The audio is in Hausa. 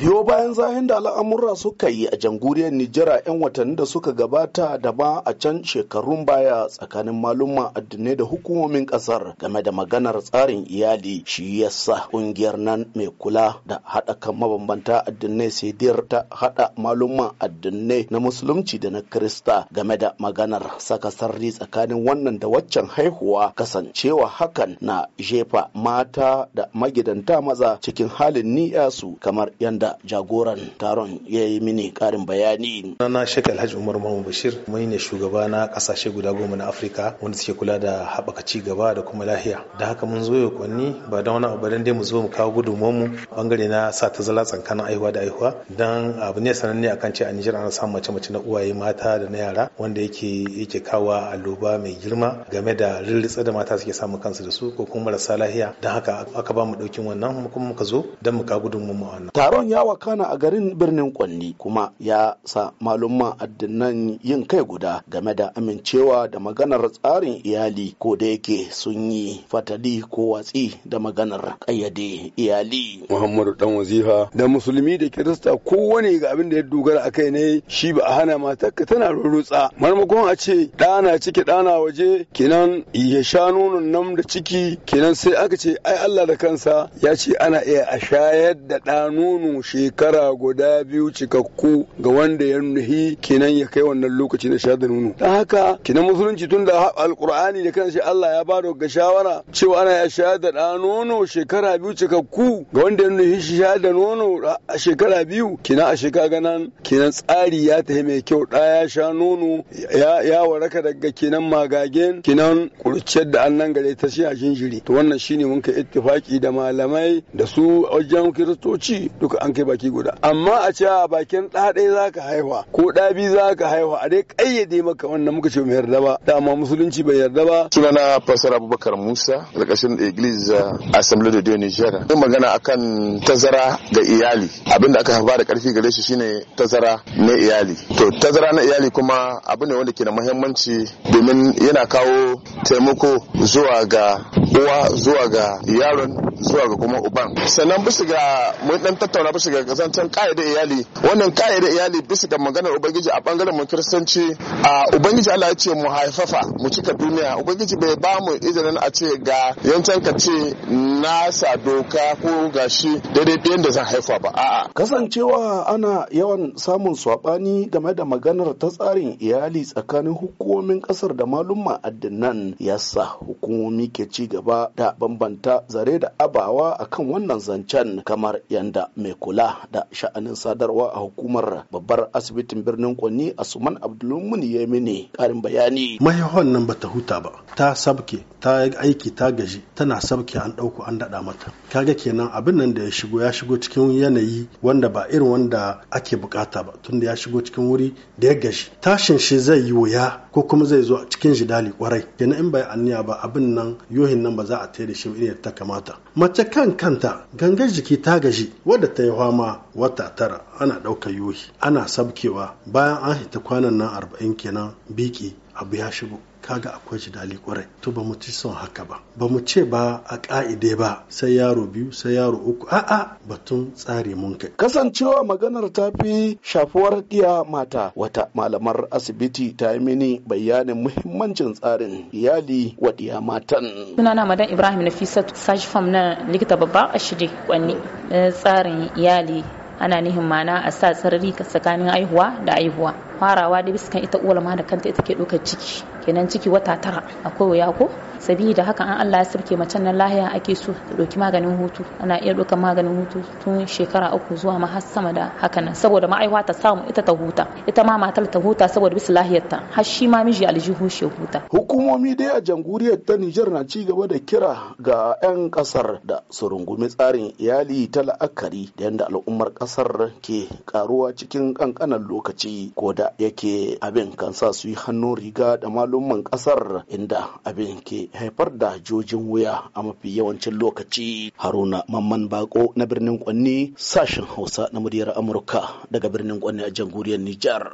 biyo bayan zahin da al'amurra suka yi a jamhuriyar Nijar 'yan watanni da suka gabata da ba a can shekarun baya tsakanin maluma addinai da hukumomin kasar game da maganar tsarin iyali shi yasa kungiyar nan mai kula da haɗa kan mabambanta addinai sidir ta haɗa maluma addinai na musulunci da na krista game da maganar saka sarri tsakanin wannan da waccan haihuwa kasancewa hakan na jefa mata da magidanta maza cikin halin ni'yasu kamar yanda da jagoran taron ya yi mini karin bayani. na Sheikh Alhaji Umar Mahmud Bashir mai ne shugaba na kasashe guda goma na Afirka wanda suke kula da haɓaka ci gaba da kuma lahiya. Da haka mun zo yau kwanni ba don wani abu dai mu zo mu kawo gudunmuwar mu bangare na sa ta zala tsakanin aihuwa da aihuwa dan abu ne sananne akan ce a Nijar ana samun mace-mace na uwaye mata da na yara wanda yake yake kawo alloba mai girma game da rirritsa da mata suke samun kansu da su ko kuma marasa lahiya. Da haka aka ba mu ɗaukin wannan kuma muka zo don mu kawo gudunmuwar mu wannan. ya wakana a garin birnin Kwanni kuma ya sa malumma addinan yin kai guda game da amincewa da maganar tsarin iyali ko da yake sun yi fatali ko watsi da maganar kayyade iyali. Muhammadu dan wazifa da musulmi da kirista kowane ga abin da ya dogara a kai ne shi ba a hana ka tana rurutsa marmakon a ce ɗana ciki dana waje Kinan ya sha nonon nan da ciki Kinan sai aka ce ai Allah da kansa ya ce ana iya a shayar da ɗa nono shekara guda biyu cikakku ga wanda ya nuhi kenan ya kai wannan lokaci na shahadar nuno dan haka kenan musulunci tun da alkur'ani da kansa Allah ya bada ga shawara cewa ana ya shahadar da nono shekara biyu cikakku ga wanda ya nuhi shahadar nono a shekara biyu kenan a shekara ganan kenan tsari ya tafi mai kyau da ya sha nono ya waraka daga kinan magagen kinan kurciyar da annan gare ta shi a jinjiri to wannan shine mun kai ittifaki da malamai da su wajen kiristoci duka an kai baki guda amma a ce a bakin ɗa ɗaya za haihuwa ko ɗa biyu za ka haihuwa a dai ƙayyade maka wannan muka ce mu yarda ba dama musulunci bai yarda ba sunana fasar abubakar musa ƙarƙashin iglesia assembly da dieu nijar zan magana akan tazara ga iyali abinda aka haifa da ƙarfi gare shi shine tazara na iyali to tazara na iyali kuma abu ne wanda ke da muhimmanci domin yana kawo taimako zuwa ga uwa zuwa ga yaron zuwa ga kuma uban sannan bisa ga mun dan tattauna bisa ga zancen kaida iyali wannan kaida iyali bisa ga maganar ubangiji a bangaren mu kiristanci a ubangiji Allah ya ce mu haifafa mu cika duniya ubangiji bai ba mu izinin a ce ga yancan ka ce na sa doka ko gashi daidai ɗayan da zan haifa ba a'a kasancewa ana yawan samun saɓani game da maganar ta tsarin iyali tsakanin hukumomin kasar da malumma addinan yasa hukumomi ke ci gaba da bambanta zare da abawa akan wannan zancen kamar yadda mai kula da sha'anin sadarwa a hukumar babbar asibitin birnin Kwanni Asuman Abdulmuni ya mini karin bayani. Mahaihon nan ba bata huta ba, ta sabke, ta aiki ta gaji, tana sabke an ɗauko an daɗa mata. Kaga kenan abin nan da ya shigo ya shigo cikin yanayi wanda ba irin wanda ake bukata ba tunda ya shigo cikin wuri da ya gaji Tashin shi zai yi wuya ko kuma zai zo cikin jidali kwarai. Kenan in bai anniya ba abin nan yohin nan ba za a tayar shi shi da ta kamata. mace kan kanta gangar jiki ta gaji wadda ta yi fama wata tara ana ɗaukar yohi ana sabkewa bayan an hita kwanan nan arba'in kenan biki abu ya shigo kaga akwai shi dali kwarai to ba mu ci son haka ba ba mu ce ba a ka'ide ba sai yaro biyu sai yaro uku a'a batun tsari mun kai kasancewa maganar ta fi shafuwar iya mata wata malamar asibiti ta yi mini bayanin muhimmancin tsarin iyali wa iya matan sunana madan ibrahim nafisat sashi fam na likita babba a shirye kwanni eh, tsarin iyali ana nihin mana a sa tsarari tsakanin aihuwa da aihuwa farawa da bisa kan ita uwar ma da kanta ita ke ɗaukar ciki kenan ciki wata tara akwai wuya ko sabida haka an Allah ya sirke mace nan lahiya ake so ta ɗauki maganin hutu ana iya ɗaukar maganin hutu tun shekara uku zuwa ma har sama da haka nan saboda ma'aiwa ta samu ita ta huta ita ma matar ta huta saboda bisa lahiyarta har shi ma miji aljihu shi huta hukumomi dai a jamhuriyar ta Nijar na ci gaba da kira ga 'yan kasar da su rungumi tsarin iyali ta la'akari da yadda al'ummar kasar ke karuwa cikin kankanan lokaci ko da yake abin kan sa su yi hannun riga da malumman kasar inda abin ke haifar da jojin wuya a mafi yawancin lokaci haruna mamman bako na birnin kwanni sashen hausa na muryar amurka daga birnin kwanni a jamhuriyar nijar